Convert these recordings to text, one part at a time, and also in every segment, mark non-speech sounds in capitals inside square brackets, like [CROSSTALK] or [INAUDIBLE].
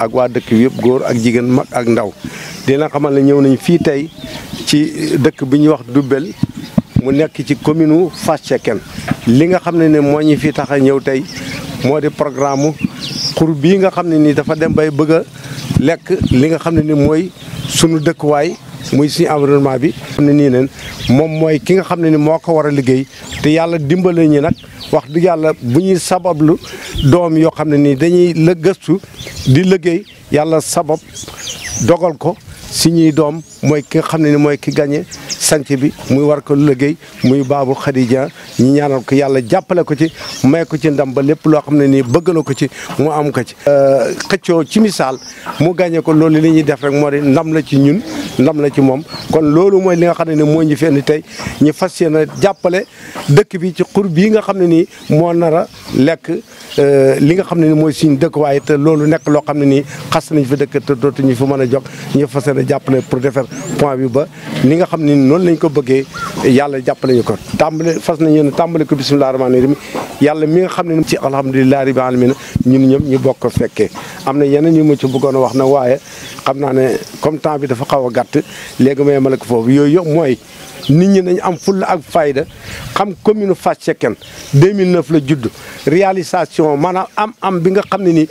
ak waa dëkk bi yëpp góor ak jigéen mag ak ndaw dina leen xamal ne ñëw nañu fii tey ci dëkk bi ñuy wax Diourbel mu nekk ci commune wu Fass li nga xam ne ne moo ñu fi tax a ñëw tey moo di programme xur bii nga xam ne nii dafa dem bay bëgg lekk li nga xam ne ni mooy sunu dëkkuwaay muy si environnement bi xam ne nii neen moom mooy ki nga xam ne ni moo ko war a liggéey te yàlla dimbale ñi nag wax dëgg yàlla bu ñuy sabablu doom yoo xam ne nii dañuy la gëstu di liggéey yàlla sabab dogal ko si ñuy doom mooy ki nga xam ne ni mooy ki gagné sanc bi muy war ko liggéey muy baabu Khady Dieng ñu ñaanal ko yàlla jàppale ko ci may ko ci ndam ba lépp loo xam ne nii bëgg na ko ci mu am ko ci. Euh, xëccoo ci misaal mu gagné ko loolu li ñuy def rek moo di ndam la ci ñun ndam la ci moom kon loolu mooy li nga xam ne ni mooy ñu fenn tey ñu fas yéene jàppale dëkk bi ci xur bii nga xam ne nii moo nar a lekk euh, li nga xam ne ni mooy suñu dëkk waaye te loolu nekk loo xam ne nii xas nañ fi dëkk dootuñu fi mën a jog jàppale pour defar point bi ba ni nga xam ne noonu lañ ko bëggee yàlla jàppale ñu ko tàmbale fas nañ yéen tàmbale ko bisimilah rahmaani rahim yàlla mi nga xam ne ci alhamdulilah rabbil alamin ñun ñëpp ñu bokk fekkee am na yeneen ñu ma ci bëggoon a wax na waaye xam naa ne comme temps bi dafa xaw a gàtt léegi may ma la ko foofu yooyu yëpp mooy nit ñi nañu am fulla ak fayda xam commune Fass Cekkeen 2009 la judd réalisation maanaam am am bi nga xam ne ni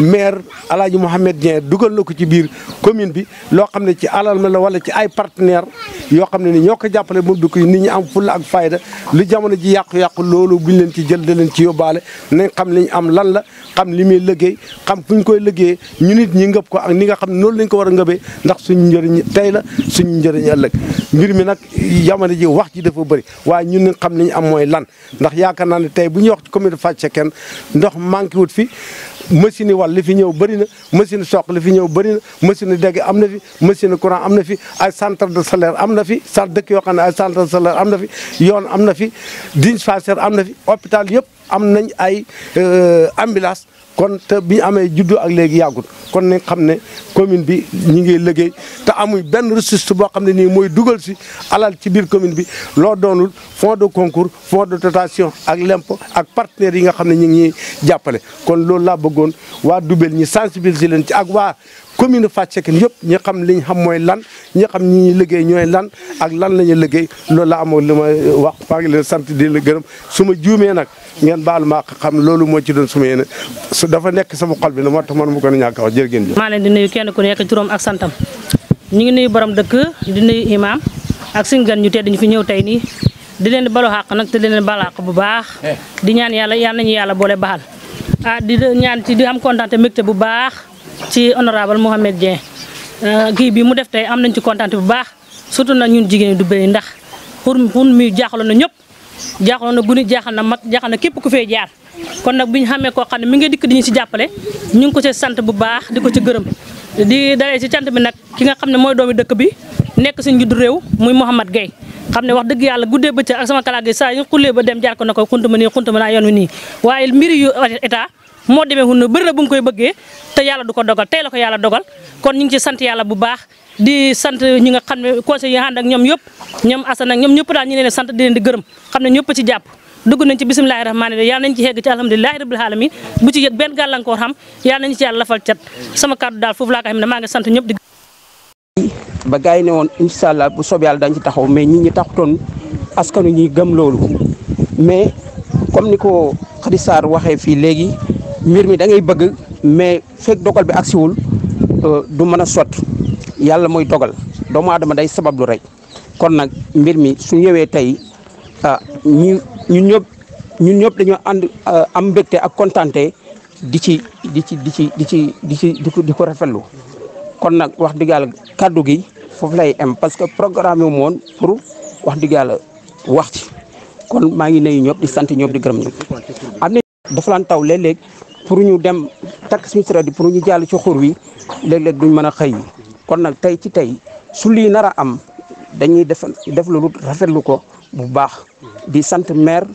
maire El Hadj Mouhamed Dieng dugal na ko ci biir commune bi loo xam ne ci alal ma la wala ci ay partenaire yoo xam ne ni ñoo ko jàppale moom dukk yi nit ñi am fulla ak fayda lu jamono ji yàqu-yàqu loolu buñ leen ci jël da ci yóbbaale nañ xam li am lan la xam li muy liggéey xam fu ñu koy liggéeyee ñu nit ñi ngëb ko ak ni nga xam ne noonu lañ ko war a ngëbee ndax suñu njëriñ tey la suñu njëriñ ëllëg mi nag jamono ji wax ji dafa bëri waaye ñun nañ xam li ñu am mooy lan ndax yaakaar naa ne tey bu ñuy wax ci commune de Fass Cekkeen ndox manqué wut fi machine yi wal li fi ñëw bëri na machine soq li fi ñëw bëri na machine dégg am na fi machine courant am na fi ay centre de salaire am na fi centre dëkk yoo xam ne ay centre de salaire am na fi yoon am na fi dine dispensaire am na fi hôpital yëpp am nañ ay euh, ambulance kon te bi amee juddu ak léegi yàggut kon nañ xam ne commune bi ñi ngi liggéey te amuñ benn ressource boo xam ne nii mooy dugal si alal ci biir commune bi loo doonul fonds de concours fonds de dotation ak lempo ak partenaires yi nga xam ne ñu ngi jàppale kon loolu laa bëggoon waa Doubel ñi sensibiliser leen ci ak waa commune Fass Cekkeen yëpp ñi xam li xam mooy lan ñi xam ñi ñuy ñooy lan ak lan la ñuy loolu la amoon li ma wax maa ngi leen sant di la gërëm su ma juumee nag ngeen baal maa xam loolu moo ci doon su ma sama xol na moo tax man mu gën a ñàkk a wax jërë ngeen jëf maa leen di nuyu kenn ku nekk ak santam ñu ngi nuyu borom dëkk ñu tedd ñu fi ñëw tey nii di leen balu xàq nag te di leen balu xàq bu baax eh. di ñaan yàlla yal nañu yàlla boole baal ah di ñaan ci di am kontaan te mbégte bu baax ci honorable dien euh gi bi mu def tay am nañ ci contente bu baax surtout nag ñun jigéen du bëri ndax pour pour mi jaxlo na ñëpp jaxlo na guni jaxal na mag jaxal na képp ku fee jaar kon nak buñ xamé ko xamné mi ngi dik diñ ci si ñu ngi ko ci sante bu baax diko ci gëreum di dalé ci cant bi nak ki nga xamné ne doomi dëkk bi nek suñu juddu rew muy mohammed gay xam wax dëgg yalla guddee bëccëg ak sama kala gay sa ñu xulé ba dem jaar ko na ko xuntuma ni xuntuma na yoonu ni waye mbir yu état mo demé hunu bëri na bu mu koy bëggé te yalla duko dogal té la ko yalla dogal kon ñing ci sant yalla bu baax di sant ñi nga xamné conseil yi hand ak ñom yëpp ñom asana ñom ñëpp daal ñi leen sant di leen di gërëm xamné ne ñëpp ci japp duggu nañ ci bismillahir rahmanir rahim yalla nañ ci xegg ci alhamdullilah rabbil alamin bu ci yëg benn gàllankoor xam yalla nañ ci yalla lafal ciat sama kaddu daal fofu la ko xamné ma nga sante sant ñëpp di ba gars ne won inshallah bu soob yalla dañ ci taxaw mais ñi ñi taxutoon askanu ñi gëm loolu mais comme niko khadisar waxe fi waxee mbir mi da ngay bëgg mais fek dogal bi euh du mëna sot yalla moy dogal do mo adama day lu rek kon nak mbir mi su ñëwé tay ah ñu ñun ñun ñëpp dañu and euh, am mbégte ak contenté di ci di ci di ci di ci di ci di ko di ko rafetlu kon nak wax di gal kàddu gi fofu lay am parce que programme yu mon pour wax di gal wax ci kon mangi ngi nuyu ñop di sante ñop di gërëm ñop am dafa lan taw leleg pour ñu dem takk suñu sareet pour ñu jàll ci xur wi léeg-léeg duñ mën a xëy kon nag tey ci tey su lii nar a am dañuy def def lu rafetlu ko bu baax di sant maire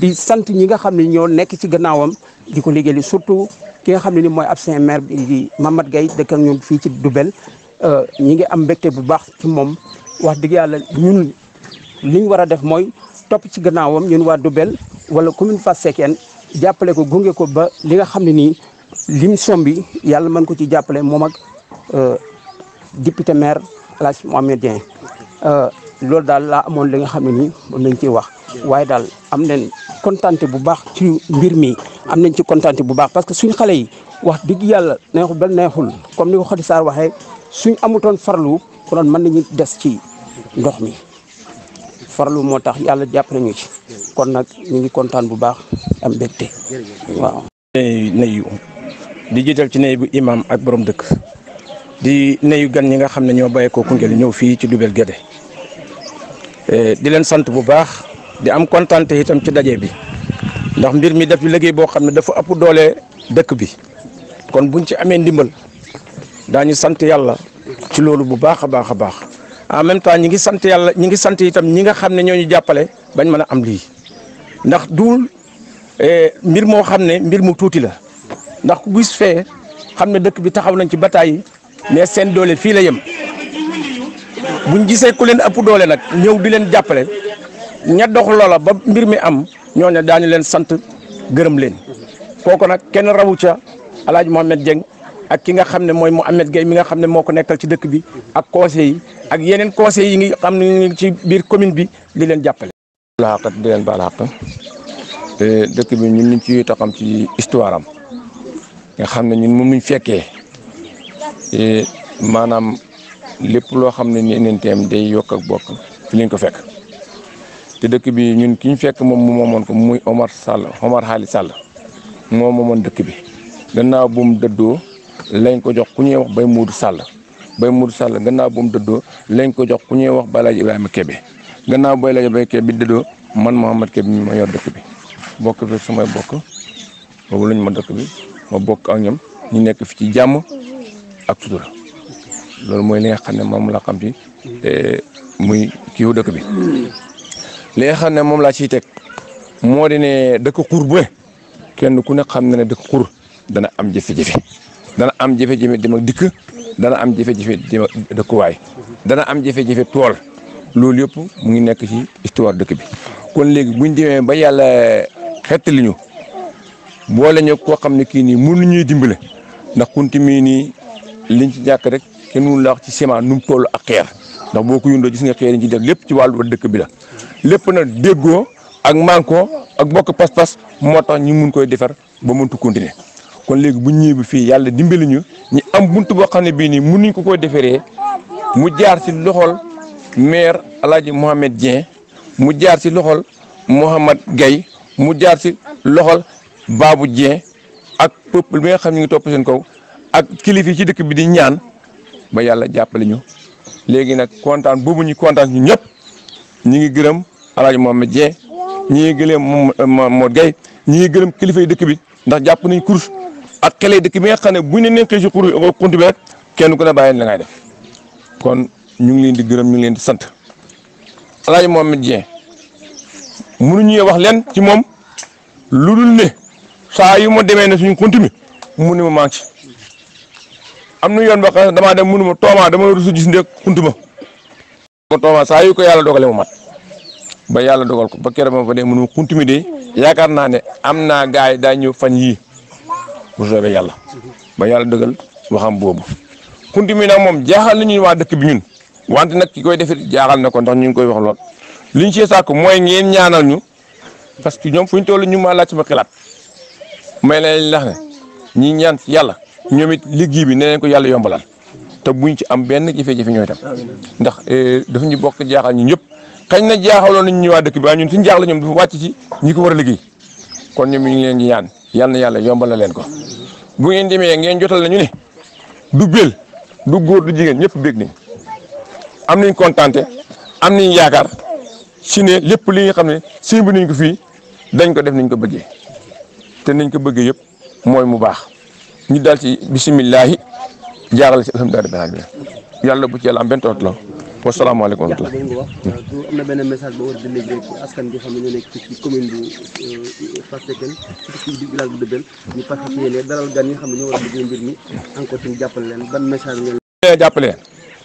di sant ñi nga xam ne ñoo nekk ci gannaawam di ko liggéey surtout ki nga xam ne ni mooy absent maire bi di Mamadou Gaye dëkk ak ñun fii ci Doubel euh, ñi ngi am mbégte bu baax ci moom wax dëgg yàlla ñun liñ war a def mooy topp ci gannaawam ñun waa Doubel wala commune Fass seken jappalé ko gungé ko ba li nga xamni ni lim sombi yalla man ko ci jappalé mom ak euh, député maire El Hadj Mohamed Dieng euh, lool dal la amone li nga xamni ni nii lañ ci wax waye dal am nañ kontante bu baax ci mbir mi am nañ ci kontante bu baax parce que suñ xalé yi wax dëgg yalla neexul bel neexul comme ni ko Khady sar suñ amutone farlu konoon man ni dess ci ndox mi farlu motax yalla jappalé ñu ci kon nak ñu ngi contane bu baax am mbégte waaw. di jital ci nuyu imam ak borom dekk di nuyu gan ñi nga ño baye ko ku ngel ñew fi ci gédé euh di len sante bu baax di am contante te itam ci dajé bi ndax mbir mi def liggéey bo xamne dafa upp doolé dekk bi kon buñ ci amé ndimbal dañu sante yalla ci lolu bu baaxa baaxa baax en même temps ñi ngi sante yalla ñi ngi sante itam ñi nga xamne ñoo bañ mëna am li ndax du eh, mbir moo xam ne mbir mu tuuti la ndax ku gis fee xam ne dëkk bi taxaw nañ ci bataay yi mais seen doole fii la yem buñ gisee ku leen ëpp doole nag ñëw di leen jàppale ña dox loola ba mbir mi am ñooñu daañu leen sant gërëm leen kooku nag kenn rawu ca El Hadj Mohamed Dieng ak ki nga xam ne mooy mu Mohamed Gueye mi nga xam ne moo ko nekkal ci dëkk bi ak conseil ak yeneen conseil yi ngi xam ne ñu ci biir commune bi di leen jàppale. la xaqat di leen baal xaq dëkk bi ñun ñu ci taxam ci histoire am nga xam ne ñun moom luñ fekkee maanaam lépp loo xam ne ni enenteem day yokk ak bokk fi lañ ko fekk te dëkk bi ñun ki ñu fekk moom mu moomoon ko muy Omar sàll Omar Xaali Sall moo moomoon dëkk bi gannaaw bu mu dëddoo lañ ko jox ku ñuy wax ba Muudu Sall Bay Muudu Sall gannaaw bu mu dëddoo lañ ko jox ku ñuy wax Balaaji Ibrahima gannaaw booy laja béykee bi dédoo man Mouhamed Kébé mi ma yor dëkk bi bokk fi samay bokk boobu luñ ma dëkk bi ma bokk ak ñoom ñu nekk fi ci jàmm ak sutura loolu mooy li nga xam ne moom laa xam ci muy kiiw dëkk bi li xam ne moom laa ciy teg moo di ne dëkk xur bu kenn ku ne xam na ne dëkk xur dana am jafe-jafe dana am jafe-jafe dem ak dikk dana am jafe-jafe dëkkuwaay am jafe tool loolu yëpp mu ngi nekk ci histoire dëkk bi kon léegi buñ demee ba yàlla xettali ñu boole ñu koo xam ne kii nii mun mënu ñuy dimbale ndax kunti mii nii liñ ci ñàkk rek kenn mënu la ci ciment nu mu toll ak xeer ndax boo ko yundoo gis nga xeer yi ci def lépp ci wàllu dëkk bi la lépp na déggoo ak manko ak bokk pas-pas moo tax ñu mun koy defar ba muntu continuer kon léegi bu ñëwee bi fii yàlla dimbali ñu ñu am bunt boo xam ne bii nii mun mënuñ ko koy deferee mu jaar ci loxol maire alaaji Mohamed Dieng mu jaar si loxol Mohamed Gaye mu jaar si loxol Babou Dieng ak peuple bi nga xam ñu ngi topp seen kaw ak kilifa yi ci dëkk bi di ñaan ba yàlla jàppale ñu léegi nag kontaan boobu ñu kontaan ñu ñëpp ñu ngi gërëm alaaji Mohamed Dieng ñi ngi gërëm Mohamed Gaye ñi ngi gërëm kilifa yi dëkk bi ndax jàpp nañ course ak xale dëkk bi nga xam ne buñ ne nekkee si xur xunti kenn ku ne bàyyi la ngay def ñu ngi leen di gërëm ñu ngi leen di sant moom Hadj Mohamed Dieng mënuñu wax leen ci moom lu dul ne saa yu ma demee ne suñu continue mu ne ma maa ci am nu yoon ba xam damaa dem mënu ma tooma dama rusu gis ndek kuntu ma ko tooma saa yu ko yàlla dogale mu mat ba yàlla dogal ko ba keroog ma fa dee mënu ma yaakaar naa ne am naa gars yi daa ñëw fan yii bu soobee yàlla yàlla dogal waxam boobu kuntu mi nag moom jaaxal ñuy wax dëkk bi ñun. wante nag ki koy defit jaaxal na ko ndax ñu ngi koy wax lool ñu ci sàkk mooy ngeen ñaanal ñu parce que ñoom fu ñu toll ñu ma laaj sama xalaat may leen lax ne ñi ñaan ci yàlla ñoom it liggéey bi ne leen ko yàlla yombalal te buñ ci am benn jafe-jafe ñooy tam ndax eh, dafa ñu bokk jaaxal ñu ñëpp xañ na jaaxaloon nañ ñu waa dëkk bi waaye ñun suñu jaaxle ñoom wàcc ci ñi ko war a liggéey kon ñoom ñu ngi ñaan yal na yàlla yombalal leen ko bu ngeen demee ngeen jotal nañu ne du bél du góor du jigéen ñëpp bég nañ am nañ contenté am nañ yaakar ci né lepp li nga xamné ne nañ ko fi dañ ko def nañ ko bëggé té nañ ko bëggé yépp moy mu baax ñu dal ci bismillah jaaral ci rabbil alamin yalla bu ci yalla am ben tot la wa alaykum wa rahmatullah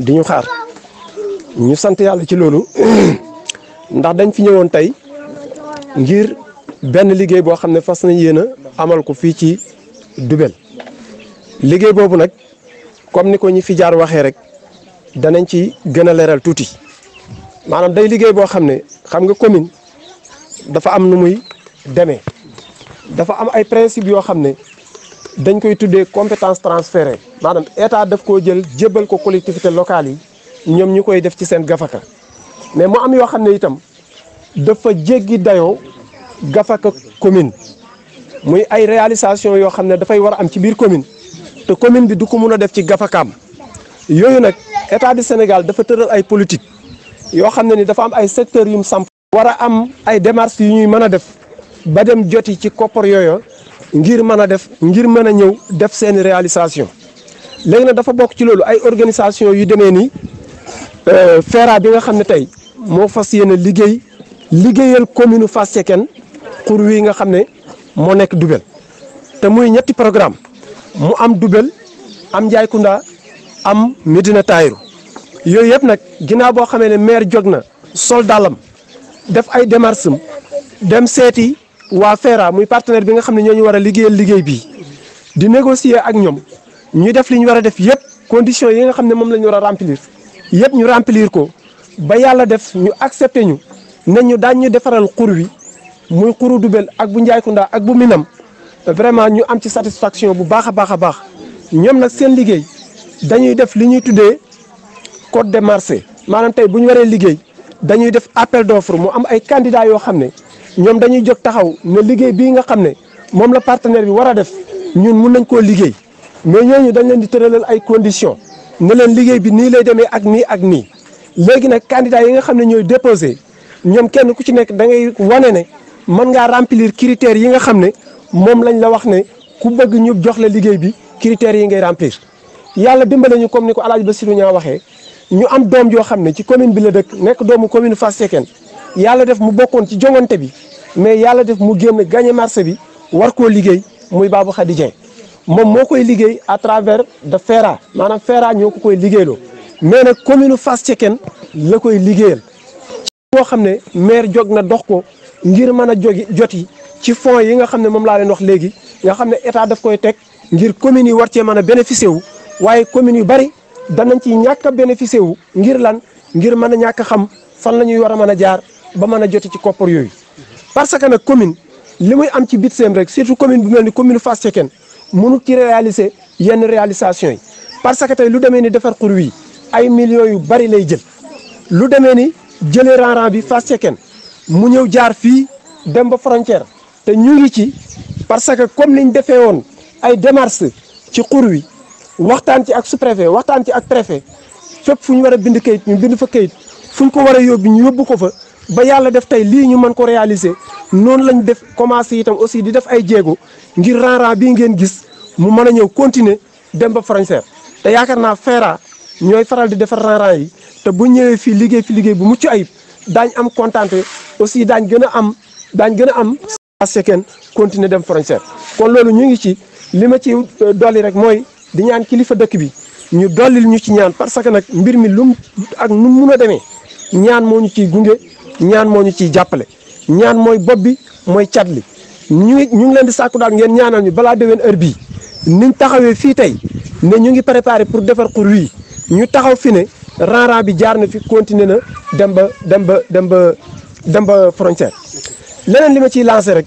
di ñu xaar ñu sant yàlla ci loolu [CLEARS THROAT] ndax dañ fi ñëwoon tey ngir benn liggéey boo xam ne fas nañ yéen a amal ko fii ci Doubel liggéey boobu nag comme ni ko ñi fi jaar waxee rek danañ ci gën a leeral tuuti maanaam day liggéey boo xam ne xam nga komin dafa am nu muy demee dafa am ay principe yoo xam ne dañ koy tuddee compétence transférée maanaam état daf koo jël jébbal ko collectivité locale yi ñoom ñu koy def ci seen gafaka mais mu am yoo xam ne itam dafa jéggi dayoo gafaka commune muy ay réalisation yoo xam ne dafay war a am ci biir commune te commune bi du ko mun a def ci gafakaam yooyu nag état du Sénégal dafa tëral ay politique yoo xam ne ni dafa am ay secteurs yu mu samp war a am ay démarches yu ñuy mën a def ba dem yi ci koppar yooyu ngir mën a def ngir mën a ñëw def seeni réalisation léegi nag dafa bokk ci loolu ay organisation yu demee ni euh, FERA bi nga xam ne tey moo fas yéene liggéey liggéeyal commune Fass Cekkeen xur wi nga xam ne moo nekk Doubel te muy ñetti programme mu am Doubel am Njaaykounda am Médina yooyu yëpp nag ginnaaw boo xamee ne maire jóg na sol dalam def ay démarches dem seeti waa FERA muy partenaire bi nga xam ne ñoo ñu wara a liggéeyal liggéey bi di négocier ak ñoom ñuy def li ñu war a def yëpp conditions yi nga xam ne moom lañu ñu war a remplir yëpp ñu remplir ko ba yàlla def ñu accepté ñu ne ñu daañ ñu defaral xur wi muy xuru Dubel ak bu Njaaykounda ak bu Minam vraiment ñu am ci satisfaction bu baax a baax a baax ñoom nag seen liggéey dañuy def li ñuy tuddee code de marché maanaam tey bu ñu waree liggéey dañuy def appe d'offre mu am ay candidats yoo xam ne. ñoom dañuy jóg taxaw ne liggéey bii nga xam ne moom la partenaire bi war a def ñun mun nañ koo liggéey mais ñu dañu leen di tëralal ay conditions ne leen liggéey bi nii lay demee ak nii ak nii. léegi nag candidats yi nga xam ne ñooy déposé ñoom kenn ku ci nekk da ngay wane ne mën ngaa remplir critères yi nga xam ne moom lañ la wax ne ku bëgg ñu jox liggéey bi critères yi ngay remplir. yàlla dimbale ñu comme ni ko El Hadj Bassirou Niang waxee ñu am doom joo xam ne ci commune bi la dëkk nekk doomu commune Fass Cekkeen yàlla def mu bokkoon ci joŋante bi. mais yàlla def mu génn gagné marché bi war koo liggéey muy Babou Khady Dieng moom moo koy liggéey à travers de FERA maanaam FERA ñoo ko koy liggéeyloo mais nag commune Fass Cekkeen la koy liggéeyal boo xam ne maire jog na dox ko ngir mën a jot yi ci fonds yi nga xam ne moom laa leen wax léegi nga xam ne état daf koy teg ngir communes yi war cee man a bénéficier wu waaye communes yu bari danañ ci ñàkk a bénéficier wu ngir lan ngir mën a ñàkk xam fan la ñuy war a mën a jaar ba mën a jot ci koppar yooyu parce que nag commune li muy am ci bit seem rek surtout commune bu mel ni commune Fass Cekkeen mënut ci réaliser yenn réalisation yi parce que tey lu demee ni defar xur wi ay millions yu bari lay jël lu demee ni jëlee rang bi Fass Cekkeen mu ñëw jaar fii dem ba frontière te ñu ngi ci parce que comme ñu defee woon ay démarches ci xur wi waxtaan ci ak su préfet waxtaan ci ak préfet fépp fu ñu war a bind kayit ñu bind fa kayit fu ñu ko war a yóbbu ñu yóbbu ko fa ba yàlla def tey lii ñu mën ko réaliser noonu lañ def commencé itam aussi di def ay jéego ngir rang-rang bii ngeen gis mu mën a ñëw continuer dem ba Frontière te yaakaar naa feeraa ñooy faral di defar rang-rang yi te bu ñëwee fii liggéey fi liggéey bu mucc ayib daañ am contenté aussi daañ gën a am daañ gën a am seken continuer dem Frontière kon loolu ñu ngi ci li ma ci euh, dolli rek mooy di ñaan kilifa dëkk bi ñu dollil ñu ci ñaan parce que nag mbir mi lum ak a demee ñaan moo ñu ciy jàppale ñaan mooy bopp bi mooy cat li ñu ñu ngi leen di sàkku daal ngeen ñaanal ñi balaa déwén heure bii niñ taxawee fii tey ne ñu ngi préparé pour defar xur wii ñu taxaw fi ne ranran bi jaar na fi continuer na dem ba dem ba dem ba dem ba frontière leneen li ma ciy lancé rek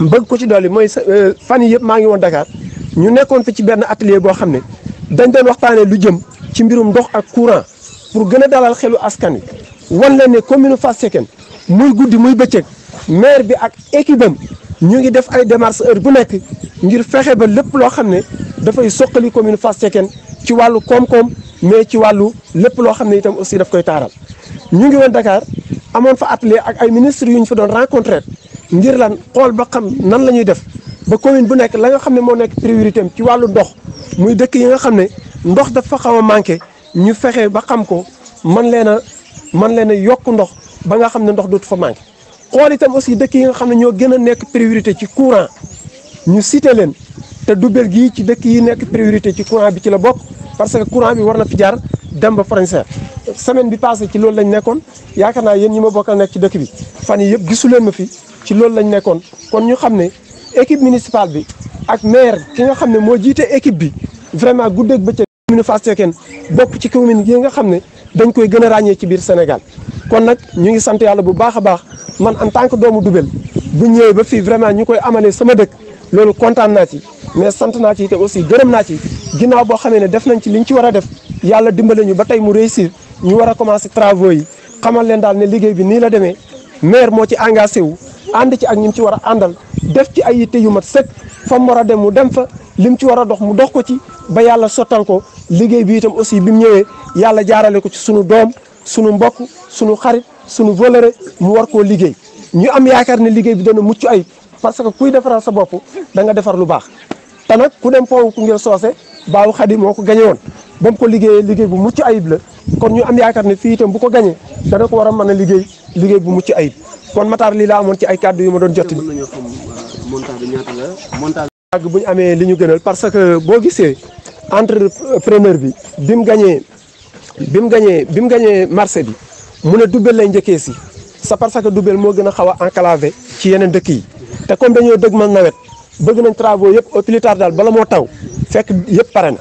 bëgg ko ci dolli mooy euh, fan yi yëpp maa ngi woon Dakar ñu nekkoon fi ci benn atelier boo xam ne dañ doon waxtaanee lu jëm ci mbirum ndox ak courant pour gën a dalal xelu askan wi wan la ne commune Fass Cekkeen muy guddi muy bëccëg maire bi ak équipe am ñu ngi def ay démarches heure bu nekk ngir fexe ba lépp loo xam ne dafay soqali commune Fass Cekkeen ci wàllu koom-koom mais ci wàllu lépp loo xam ne itam aussi daf koy taaral ñu ngi woon dakaar amoon fa atelier ak ay ministre yu ñu fa doon rencontré ngir lan xool ba xam nan la ñuy def ba commune bu nekk la nga xam ne moo nekk priorité am ci wàllu ndox muy dëkk yi nga xam ne ndox dafa xaw a manqué ñu fexe ba xam ko man leen a man leen a yokk ndox ba nga xam ne ndox dootu fa manqué xool itam aussi dëkk yi nga xam ne ñoo gën a nekk priorité ci courant ñu cité leen te du Doubel gii ci dëkk yi nekk priorité ci courant bi ci la bokk parce que courant bi war na fi jaar dem ba frontière semaine bi passé ci loolu lañ nekkoon yaakaar naa yéen ñi ma bokk a nekk ci dëkk bi fan yi yëpp gisu leen ma fi ci loolu lañ nekkoon kon ñu xam ne équipe municipale bi ak maire ki nga xam ne moo jiite équipe bi vraiment guddeeg bëccëg commune Fass Thiékène bokk ci commune yi nga xam ne dañ koy gën a ràññee ci biir Sénégal kon nag ñu ngi sant yàlla bu baax a baax man en tant que doomu Doubel bu ñëwee ba fii vraiment ñu koy amalee sama dëkk loolu kontaan naa ci mais sant naa ci te aussi gërëm naa ci ginnaaw boo xamee ne def nañ ci li ñu ci war a def yàlla dimbale ñu ba tey mu réussir ñu war a commencer travaux yi xamal leen daal ne liggéey bi nii la demee maire moo ci engagé wu ànd ci ak ñi mu ci war a àndal def ci ay yitte yu mat sëkk fa mu war a dem mu dem fa lim ci war a dox mu dox ko ci ba yàlla sottal ko liggéey bi itam aussi bi mu ñëwee yàlla jaarale ko ci sunu doom sunu mbokk sunu xarit sunu volere mu war koo liggéey ñu am yaakaar ne liggéey bi dana mucc ayib parce que kuy defaral sa bopp da defar lu baax te nag ku dem foofu ku ngeen soose baaw xadi moo ko gañe woon ba mu ko liggéeyee liggéey bu mucc ayib la kon ñu am yaakaar ne fii itam bu ko gañee dana ko war a mën a liggéey liggéey bu mucc ayib kon Matar lii laa amoon ci ay kàddu yu ma doon jot euh, montage bi ñaata la montage bu ñu amee li ñu gënal parce que boo gisee entrepreneur bi bi mu gañee bi mu gañee bi mu gañee marché bi mu ne dubbel lay njëkkee si sa parce que dubbel moo gën a xaw a enclavé ci yeneen dëkk yi te comme dañoo dëgg man nawet bëgg nañ travaux yëpp au daal bala moo taw fekk yëpp pare na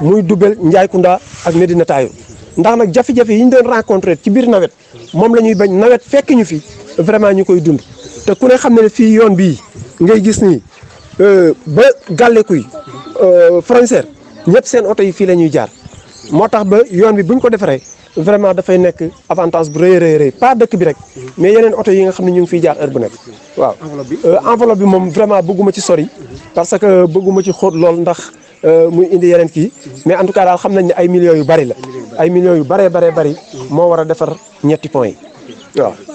muy dubbel Njaay Kunda ak Medina ndax nag jafe-jafe yi ñu doon rencontré ci biir nawet moom la ñuy bañ nawet fekk ñu fi vraiment ñu koy dund te ku ne xam ne fii yoon bii ngay gis nii euh, ba gàlleku euh, yi frontière ñëpp seen oto yi fii la ñuy jaar moo tax ba yoon bi bu ñu ko defaree vraiment dafay nekk avantage bu rëy rëy rëy pas dëkk bi rek mais yeneen oto yi nga xam ne ñu ngi fiy jaar heure bu nekk waaw enveloppe bi euh, moom vraiment bëgguma ci sori parce que bëgguma ci xóot lool ndax euh, muy indi yeneen kii mais en tout cas daal xam nañ ne ay millions yu bari la ay millions yu baree baree bari moo war a defar ñetti points yi waaw